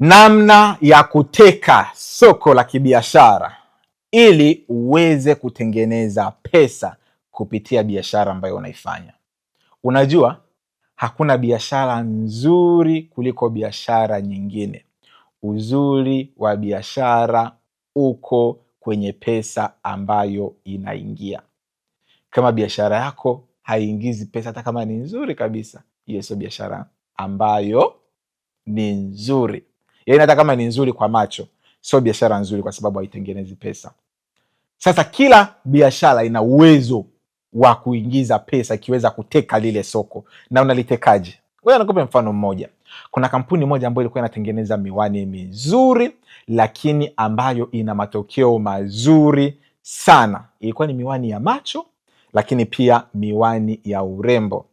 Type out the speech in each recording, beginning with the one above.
Namna ya kuteka soko la kibiashara ili uweze kutengeneza pesa kupitia biashara ambayo unaifanya. Unajua, hakuna biashara nzuri kuliko biashara nyingine. Uzuri wa biashara uko kwenye pesa ambayo inaingia. Kama biashara yako haiingizi pesa, hata kama ni nzuri kabisa, hiyo sio biashara ambayo ni nzuri yani hata kama ni nzuri kwa macho sio biashara nzuri, kwa sababu haitengenezi pesa. Sasa kila biashara ina uwezo wa kuingiza pesa ikiweza kuteka lile soko, na unalitekaje? Ngoja mfano mmoja. Kuna kampuni moja ambayo ilikuwa inatengeneza miwani mizuri, lakini ambayo ina matokeo mazuri sana. Ilikuwa ni miwani ya macho, lakini pia miwani ya urembo,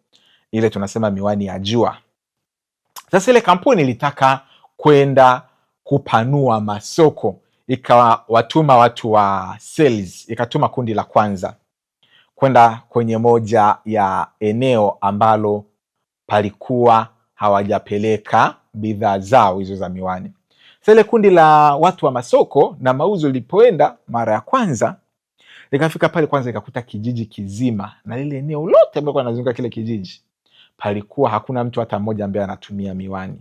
ile tunasema miwani ya jua. Sasa ile kampuni ilitaka kwenda kupanua masoko, ikawatuma watu wa sales, ikatuma kundi la kwanza kwenda kwenye moja ya eneo ambalo palikuwa hawajapeleka bidhaa zao hizo za miwani. Sasa ile kundi la watu wa masoko na mauzo lilipoenda mara ya kwanza, likafika pale kwanza, ikakuta kijiji kizima na lile eneo lote ambalo anazunguka kile kijiji, palikuwa hakuna mtu hata mmoja ambaye anatumia miwani.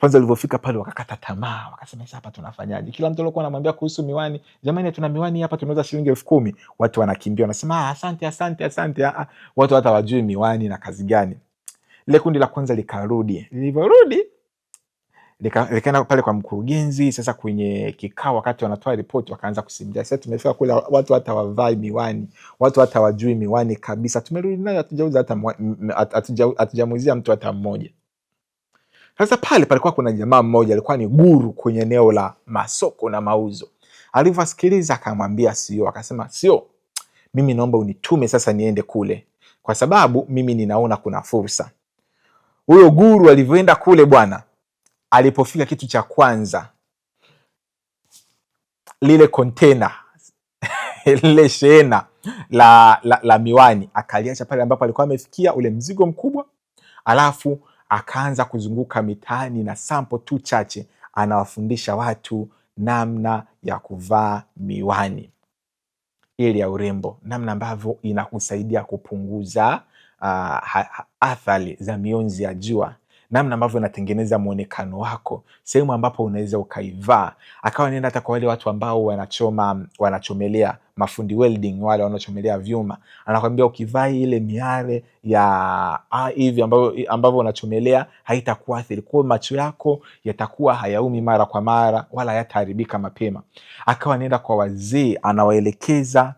Kwanza walivyofika pale wakakata tamaa, wakasema sasa hapa tunafanyaje? Kila mtu alikuwa anamwambia kuhusu miwani, jamani, tuna miwani hapa tunauza shilingi elfu kumi. Watu wanakimbia wanasema ah, asante, asante, asante. Aa, ah, ah. watu hata wajui miwani na kazi gani. Lile kundi la kwanza likarudi, lilivyorudi likaenda pale kwa mkurugenzi. Sasa kwenye kikao, wakati wanatoa ripoti, wakaanza kusimulia, sasa tumefika kule, watu hata wavai miwani, watu hata wajui miwani kabisa, tumerudi nayo, hatujauza hata, hatujamuuzia mtu hata mmoja. Sasa pale palikuwa kuna jamaa mmoja alikuwa ni guru kwenye eneo la masoko na mauzo. Alivyosikiliza akamwambia sio, e akasema sio, e mimi naomba unitume sasa niende kule, kwa sababu mimi ninaona kuna fursa. Huyo guru alivyoenda kule bwana, alipofika, kitu cha kwanza lile kontena lile shehena la, la, la miwani akaliacha pale ambapo alikuwa amefikia ule mzigo mkubwa, alafu akaanza kuzunguka mitaani na sampo tu chache, anawafundisha watu namna ya kuvaa miwani ile ya urembo, namna ambavyo inakusaidia kupunguza uh, athari za mionzi ya jua namna ambavyo unatengeneza mwonekano wako, sehemu ambapo unaweza ukaivaa. Akawa nenda hata kwa wale watu ambao wanachoma, wanachomelea mafundi welding, wale wanaochomelea vyuma, anakwambia ukivaa ile miare ya ah, hivi ambavyo unachomelea haitakuathiri, kwa macho yako yatakuwa hayaumi mara kwa mara wala hayataharibika mapema. Akawa nenda kwa wazee, anawaelekeza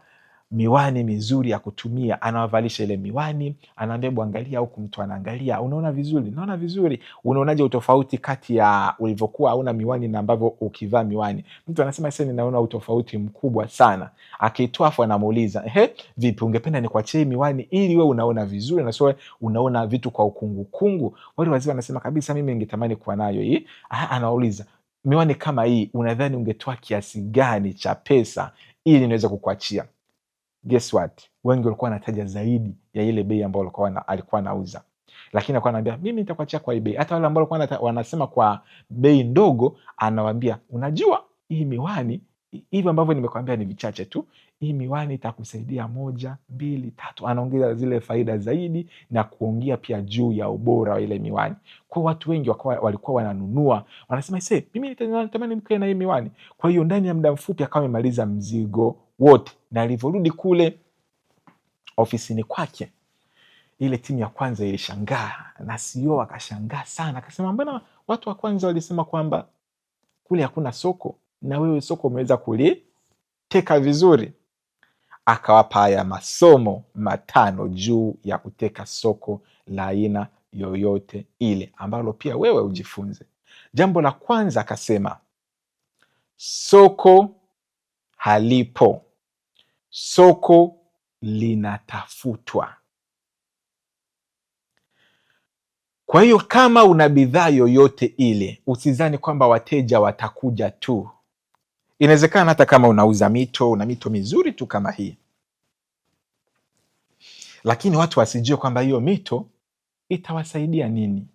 miwani mizuri ya kutumia, anawavalisha ile miwani, anaambia bwangalia huku, mtu anaangalia, unaona vizuri? Naona vizuri. Unaonaje utofauti kati ya ulivyokuwa hauna miwani na ambavyo ukivaa miwani? Mtu anasema sasa, ninaona utofauti mkubwa sana. Akitoa afu anamuuliza ehe, vipi, ungependa nikuachie miwani ili wewe unaona vizuri na sio unaona vitu kwa ukungu kungu? Wale wazee wanasema kabisa, mimi ningetamani kuwa nayo hii. anauliza miwani kama hii, unadhani ungetoa kiasi gani cha pesa ili niweze kukuachia? guess what, wengi walikuwa wanataja zaidi ya ile bei ambayo alikuwa anauza, lakini alikuwa anaambia mimi nitakuachia kwa bei. Hata wale ambao walikuwa wanasema kwa bei ndogo, anawaambia unajua, hii miwani hivyo ambavyo nimekwambia ni vichache tu, hii miwani itakusaidia moja, mbili, tatu. Anaongeza zile faida zaidi na kuongea pia juu ya ubora wa ile miwani. Kwa watu wengi wakawa, walikuwa wananunua wanasema, mimi natamani mkae na hii miwani. Kwa hiyo ndani ya muda mfupi akawa amemaliza mzigo wote, na alivyorudi kule ofisini kwake, ile timu ya kwanza ilishangaa na CEO akashangaa sana, akasema mbona watu wa kwanza walisema kwamba kule hakuna soko na wewe soko umeweza kuliteka vizuri. Akawapa haya masomo matano juu ya kuteka soko la aina yoyote ile, ambalo pia wewe ujifunze. Jambo la kwanza akasema, soko halipo. Soko linatafutwa. Kwa hiyo kama una bidhaa yoyote ile, usizani kwamba wateja watakuja tu. Inawezekana hata kama unauza mito, una mito mizuri tu kama hii, lakini watu wasijue kwamba hiyo mito itawasaidia nini.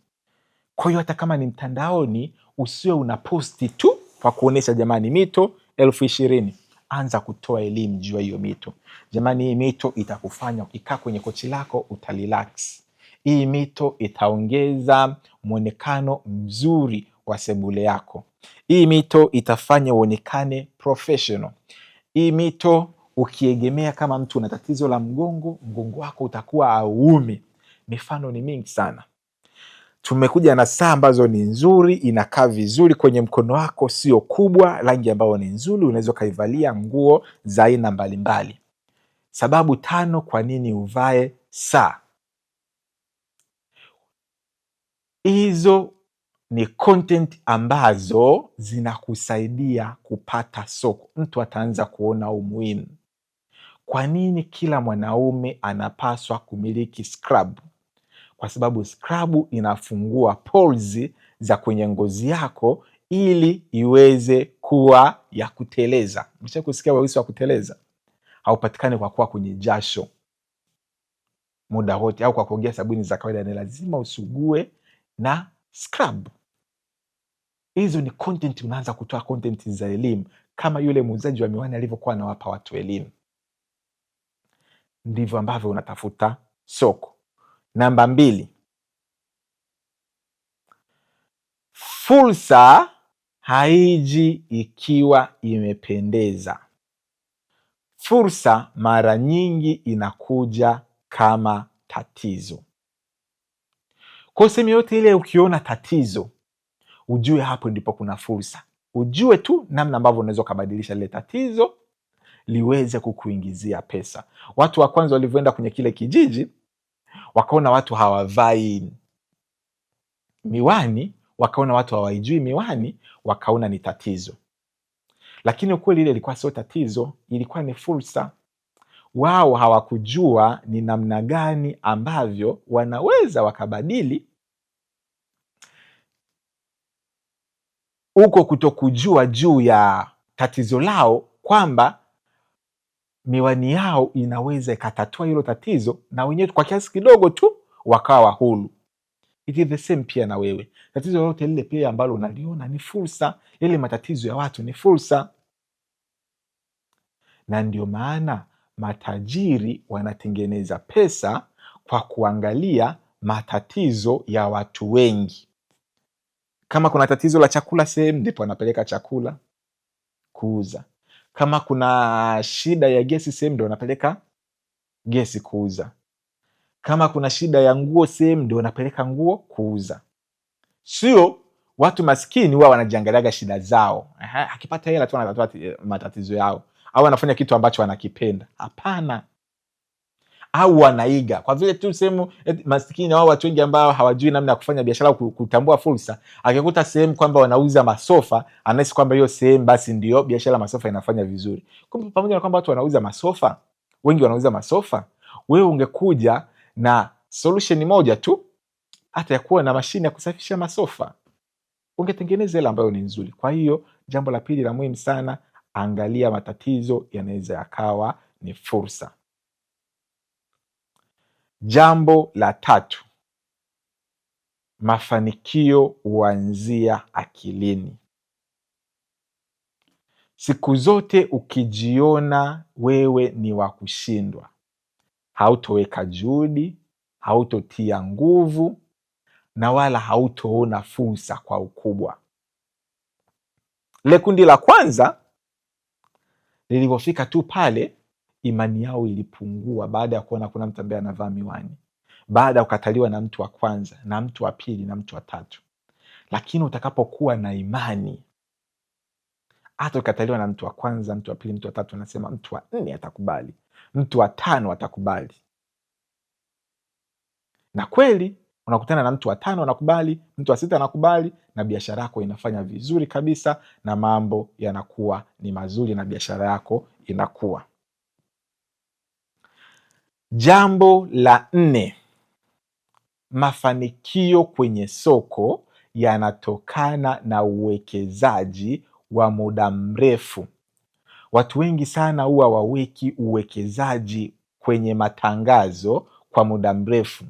Kwa hiyo hata kama ni mtandaoni, usiwe una posti tu kwa kuonyesha jamani, mito elfu ishirini anza kutoa elimu juu ya hiyo mito. Jamani, hii mito itakufanya ukikaa kwenye kochi lako utarelax. Hii mito itaongeza mwonekano mzuri wa sebule yako. Hii mito itafanya uonekane professional. Hii mito ukiegemea, kama mtu una tatizo la mgongo, mgongo wako utakuwa auumi. Mifano ni mingi sana tumekuja na saa ambazo ni nzuri, inakaa vizuri kwenye mkono wako, sio kubwa, rangi ambayo ni nzuri, unaweza ukaivalia nguo za aina mbalimbali. Sababu tano kwa nini uvae saa hizo. Ni content ambazo zinakusaidia kupata soko. Mtu ataanza kuona umuhimu. Kwa nini kila mwanaume anapaswa kumiliki scrub? kwa sababu skrabu inafungua pores za kwenye ngozi yako ili iweze kuwa ya kuteleza. Mshe kusikia weusi wa kuteleza haupatikani kwa kuwa kwenye jasho muda wote au kwa kuogea sabuni za kawaida, ni lazima usugue na scrub. Hizo ni content, unaanza kutoa content za elimu kama yule muuzaji wa miwani alivyokuwa anawapa watu elimu. Ndivyo ambavyo unatafuta soko. Namba mbili, fursa haiji ikiwa imependeza. Fursa mara nyingi inakuja kama tatizo. Kwa sehemu yote ile, ukiona tatizo, ujue hapo ndipo kuna fursa. Ujue tu namna ambavyo unaweza ukabadilisha lile tatizo liweze kukuingizia pesa. Watu wa kwanza walivyoenda kwenye kile kijiji wakaona watu hawavai miwani, wakaona watu hawaijui miwani, wakaona ni tatizo. Lakini ukweli ile ilikuwa sio tatizo, ilikuwa ni fursa. Wao hawakujua ni namna gani ambavyo wanaweza wakabadili huko kutokujua juu ya tatizo lao kwamba miwani yao inaweza ikatatua hilo tatizo, na wenyewe kwa kiasi kidogo tu wakawa huru. It is the same pia na wewe, tatizo lolote lile pia ambalo unaliona ni fursa, yale matatizo ya watu ni fursa, na ndio maana matajiri wanatengeneza pesa kwa kuangalia matatizo ya watu wengi. Kama kuna tatizo la chakula sehemu, ndipo wanapeleka chakula kuuza. Kama kuna shida ya gesi sehemu, ndo wanapeleka gesi kuuza. Kama kuna shida ya nguo sehemu, ndo wanapeleka nguo kuuza. Sio watu maskini huwa wanajiangaliaga shida zao. Aha, akipata hela tu anatatua eh, matatizo yao, au anafanya kitu ambacho anakipenda. Hapana au wanaiga kwa vile tu sehemu maskini, wao watu wengi ambao hawajui namna ya kufanya biashara, kutambua fursa. Akikuta sehemu kwamba wanauza masofa, anahisi kwamba hiyo sehemu basi ndio biashara masofa inafanya vizuri, kumbe pamoja na kwamba watu wanauza masofa, wengi wanauza masofa, wewe ungekuja na solution moja tu, hata ya kuwa na mashine ya kusafisha masofa, ungetengeneza hela ambayo ni nzuri. Kwa hiyo jambo la pili la muhimu sana, angalia matatizo yanaweza yakawa ni fursa. Jambo la tatu, mafanikio huanzia akilini. Siku zote ukijiona wewe ni wa kushindwa, hautoweka juhudi, hautotia nguvu na wala hautoona fursa kwa ukubwa. Lile kundi la kwanza lilivyofika tu pale imani yao ilipungua baada ya kuona kuna mtu ambaye anavaa miwani, baada ya kukataliwa na mtu wa kwanza na mtu wa pili na mtu wa tatu. Lakini utakapokuwa na imani, hata ukataliwa na mtu wa kwanza, mtu wa pili, mtu wa tatu, anasema mtu wa nne atakubali, mtu wa tano atakubali. Na kweli unakutana na mtu wa tano anakubali, mtu wa sita anakubali, na biashara yako inafanya vizuri kabisa, na mambo yanakuwa ni mazuri, na biashara yako inakuwa Jambo la nne, mafanikio kwenye soko yanatokana na uwekezaji wa muda mrefu. Watu wengi sana huwa waweki uwekezaji kwenye matangazo kwa muda mrefu.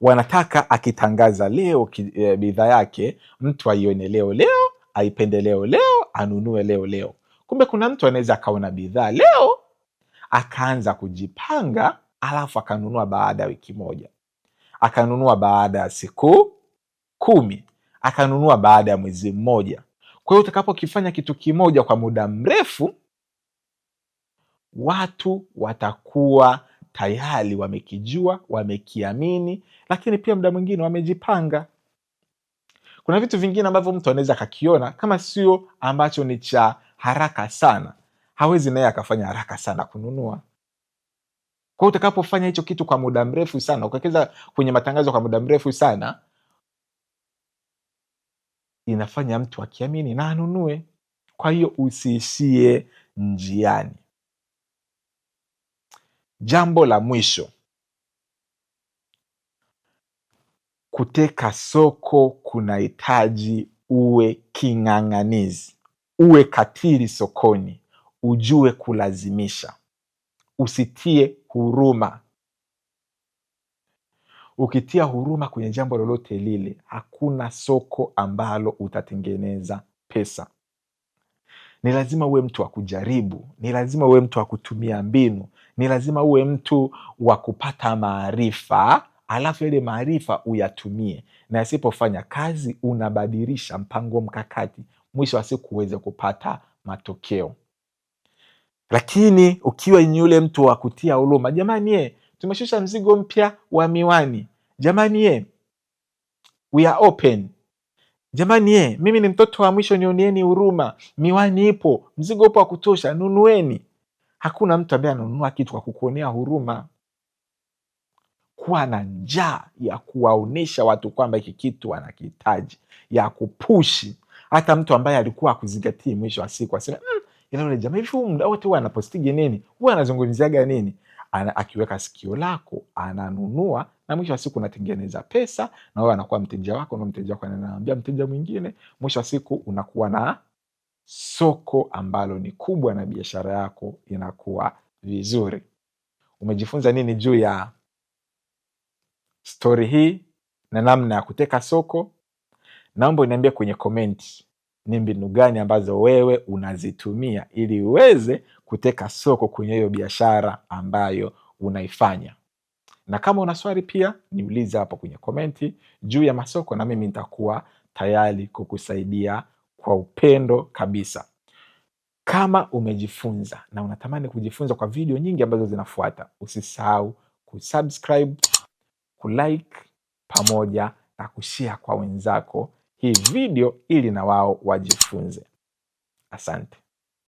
Wanataka akitangaza leo e, bidhaa yake mtu aione leo leo, aipende leo leo, anunue leo leo. Kumbe kuna mtu anaweza akaona bidhaa leo akaanza kujipanga alafu akanunua baada ya wiki moja, akanunua baada ya siku kumi, akanunua baada ya mwezi mmoja. Kwa hiyo utakapokifanya kitu kimoja kwa muda mrefu, watu watakuwa tayari wamekijua, wamekiamini, lakini pia muda mwingine wamejipanga. Kuna vitu vingine ambavyo mtu anaweza akakiona kama sio ambacho ni cha haraka sana, hawezi naye akafanya haraka sana kununua kwao utakapofanya hicho kitu kwa muda mrefu sana, ukawekeza kwenye matangazo kwa muda mrefu sana, inafanya mtu akiamini na anunue. Kwa hiyo usiishie njiani. Jambo la mwisho, kuteka soko kunahitaji uwe king'ang'anizi, uwe katili sokoni, ujue kulazimisha, usitie huruma. Ukitia huruma kwenye jambo lolote lile, hakuna soko ambalo utatengeneza pesa. Ni lazima uwe mtu wa kujaribu, ni lazima uwe mtu wa kutumia mbinu, ni lazima uwe mtu wa kupata maarifa, alafu yale maarifa uyatumie, na yasipofanya kazi unabadilisha mpango mkakati, mwisho wa siku uweze kupata matokeo. Lakini ukiwa ni yule mtu wa kutia huruma, jamani ye, tumeshusha mzigo mpya wa miwani, jamani ye, we are open Jamani ye, mimi ni mtoto wa mwisho, nionieni huruma. Miwani ipo, mzigo upo wa kutosha, nunueni. Hakuna mtu ambaye ananunua kitu kwa kukuonea huruma. Kuwa na njaa ya kuwaonyesha watu kwamba hiki kitu wanakihitaji, ya kupushi. Hata mtu ambaye alikuwa akuzingatii, mwisho wa siku asema mm, ila yaani jamaa hivi huyu mdau wote huwa anapostigi nini, huwa anazungumziaga nini? Ana, akiweka sikio lako ananunua na mwisho wa siku unatengeneza pesa na wewe anakuwa mteja wako, na mteja wako ananiambia mteja mwingine, mwisho wa siku unakuwa na soko ambalo ni kubwa na biashara yako inakuwa vizuri. Umejifunza nini juu ya stori hii na namna ya kuteka soko? Naomba uniambie kwenye komenti ni mbinu gani ambazo wewe unazitumia ili uweze kuteka soko kwenye hiyo biashara ambayo unaifanya. Na kama una swali pia niulize hapo kwenye komenti juu ya masoko, na mimi nitakuwa tayari kukusaidia kwa upendo kabisa. Kama umejifunza na unatamani kujifunza kwa video nyingi ambazo zinafuata, usisahau kusubscribe, kulike pamoja na kushare kwa wenzako hii video ili na wao wajifunze. Asante.